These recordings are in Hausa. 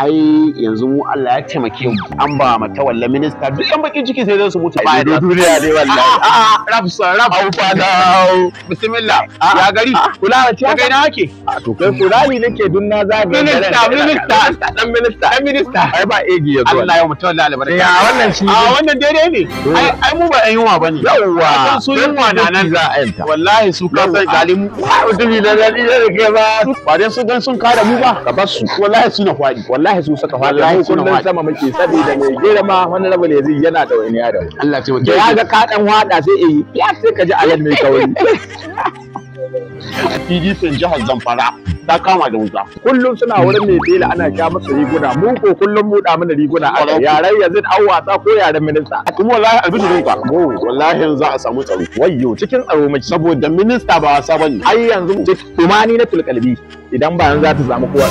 ai yanzu mu Allah ya taimake mu an ba ma tawalla minista duk yan bakin ciki sai dan su mutu ba da duniya ne wallahi a ah, ah, rap sa rap au fada bismillah ah, ya gari kula da ta kai na hake to kai kula ni nake dun na zaga minista minista dan minista dan minista ai ba egi yanzu Allah ya mutu wallahi albarka ya wannan shi a wannan daidai ne eh. ai ai mu ba ɗan yunwa bane yawa sun yunwa na nan za a yanta wallahi su ka san galimu dubi da dadi da kai ba ba dai su dan sun kada mu ba ka bar su wallahi su na kwadi wallahi su suka fada mu kullun sama muke saboda mai girma wani rabu ne zai yana da wani yaro Allah ya wajen ya ga ka dan wada sai eh ya sai ka ji alan mai kawai a PDP jihar Zamfara ta kama da wuta. Kullum suna wurin mai bela ana sha masa riguna mu ko kullum buɗa mana riguna a yaren yanzu an wasa ko yaren minista. A kuma wallahi albishirin ka. Mu wallahi za a samu tsaro. Wayyo cikin tsaro mace. Saboda minista ba wasa bane. Ai yanzu tumani na tulkalbi. idan ba za ta samu kowa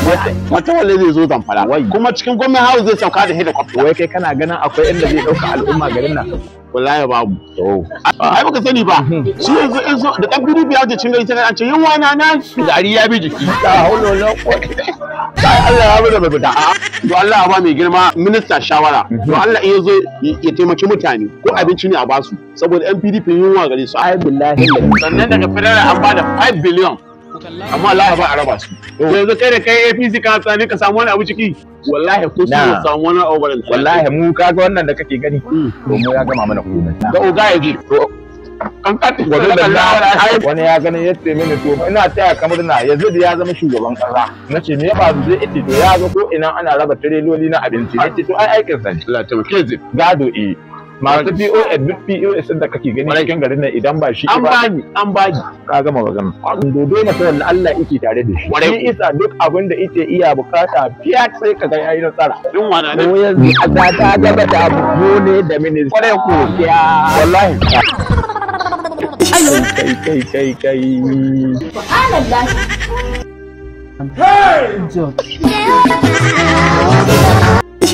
wata wale zai zo zamfara kuma cikin gwamnati hausa zai sauka da helicopter wai kai kana ganin akwai inda zai dauka al'umma garin nan wallahi babu ai baka sani ba shi yanzu in so da kan gudu biya da cin sai an ce yawa na na gari ya bi jiki ta haulo na Allah ya bada a to Allah ba mai girma minista shawara to Allah in yazo ya taimaki mutane ko abinci ne a basu saboda yan PDP yunwa gare su ai billahi sannan daga federal an bada 5 billion amma Allah ya ba a raba su yanzu kai da kai APC ka sami ka samu wani abu ciki wallahi ko su samu wani abu barin wallahi mu kaga wannan da kake gani hmm. to mu ya gama mana komai ga uga yaji to an kati wani da wani ya gani ya ce mini to ina taya kamar na yanzu da ya zama shugaban kasa na ce me ba zai ita to ya ga ko ina ana raba tireloli na abinci ne ce to ai aikin sa ne Allah ta gado eh masu POS duk POS da kake gani cikin garin nan idan ba shi an bani an bani ka gama magana dodo na sai wanda Allah yake tare da shi shi isa duk abin da yake iya bukata fiya sai ka ga yayi nasara din wani ne ko yanzu a ta ta gaba da abu ne da minista kwarai ko ya wallahi kai kai kai kai subhanallah Hey!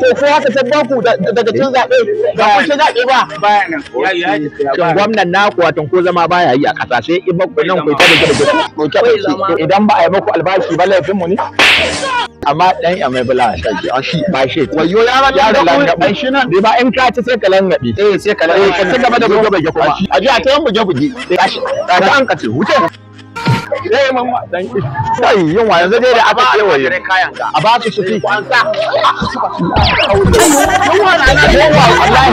ko ko haka ta ba ku daga cin zaɓe ba ku ci zaɓe ba gwamnan naku watan ko zama baya yi a ƙasa sai in ku nan ku ta da idan ba a yi muku albashi ba laifin mu ne amma dan ya mai bula ta ji shi ba shi wayo ya ran ya ran shi nan ba in ka ci sai ka langabe eh sai ka ka ci gaba da kuma a ji a ta yan buge buge sai ka an ka eh mamma dan kai yin yanzu dai da aka kewaye a ba su kuɗi wallahi